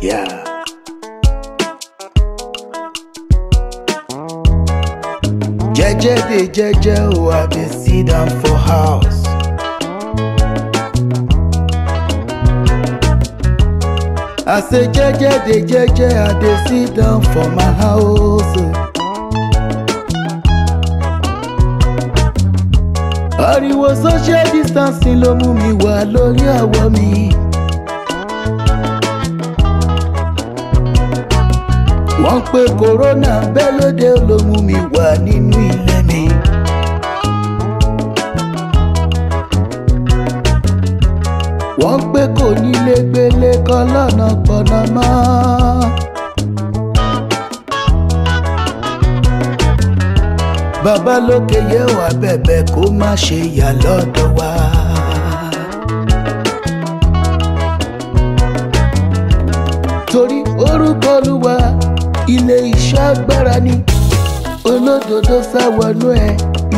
Yeah. Jeje dey jeje o, oh, I dey sit down for house. I say jeje dey jeje, I dey sit down for my house. Ariwo social distancing ló mú mi wà lórí àwọ̀ mi. wọ́n pe kòrónà bẹ́ẹ̀ lóde ló mú mi wà nínú ilé mi. wọ́n pé kò nílé gbélé kọ́ lọ́nà gbọ́nà mọ́. babalóke yẹ wà bẹ̀bẹ̀ kó má ṣe yà lọ́dọ̀ wa. torí orúkọ Olúwa ilé iṣẹ́ agbára ni olódodo sá wọnú ẹ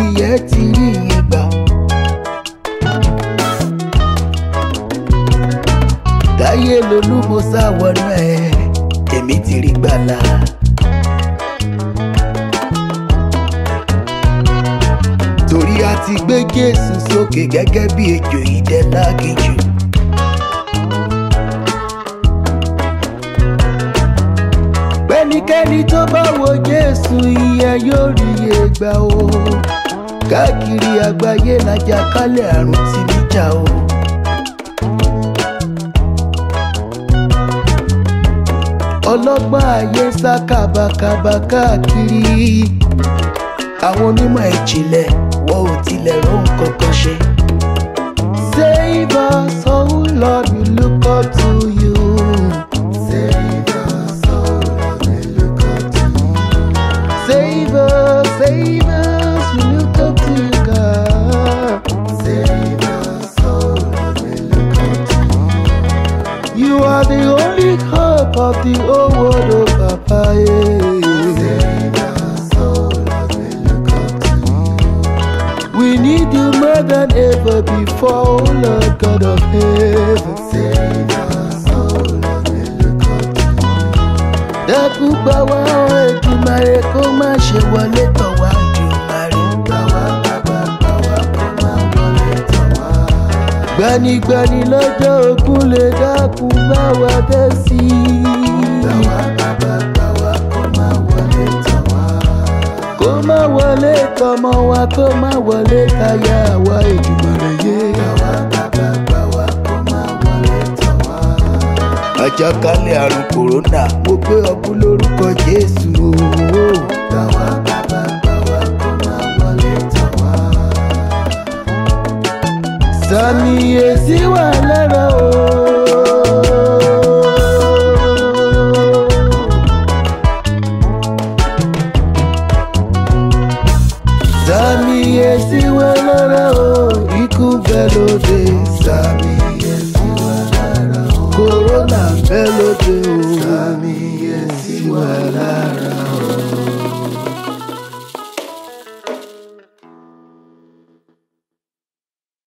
ìyẹ́ ti rí ìyẹn gbà. táyé lolú mo sá wọnú ẹ èmi ti rí gbàlà. torí a ti gbé Jésù sókè gẹ́gẹ́ bí ejò ìdẹ́lágì. ẹnikẹ́ni tó bá wo jésù ìyẹn yóò rí iye gbà o káàkiri àgbáyé làjàkálẹ̀ àrùn ti níjà o. ọlọ́gbọ́n ayé ń sá kàbàkàbà káàkiri àwọn onímọ̀ ìjìnlẹ̀ wọ́n ò tilẹ̀ rún kankan ṣe. Save us, oh Lord, we look up to you. of the whole world, oh Papa. We need you more than ever before, oh Lord God of heaven. Save us, oh Lord, we look up to you. Dákú gbà wá ọ̀ oh, Èdùmàrè kó má ṣe wọlé tọ̀. gbanigbani lọ́jọ́ ogun lè dákun bá wa dé sí i. báwa bàbá báwa kó má wọlé tàn wá. kó má wọlé tọmọ wa kó má wọlé táyà wa ìjùmọ̀ rẹ̀ yé. báwa bàbá báwa kó má wọlé tàn wá. àjàkálẹ̀ àrùn kòrónà mo gbé ọkú lórúkọ Jésù. báwa. melody sami corona melody o sami yesi wa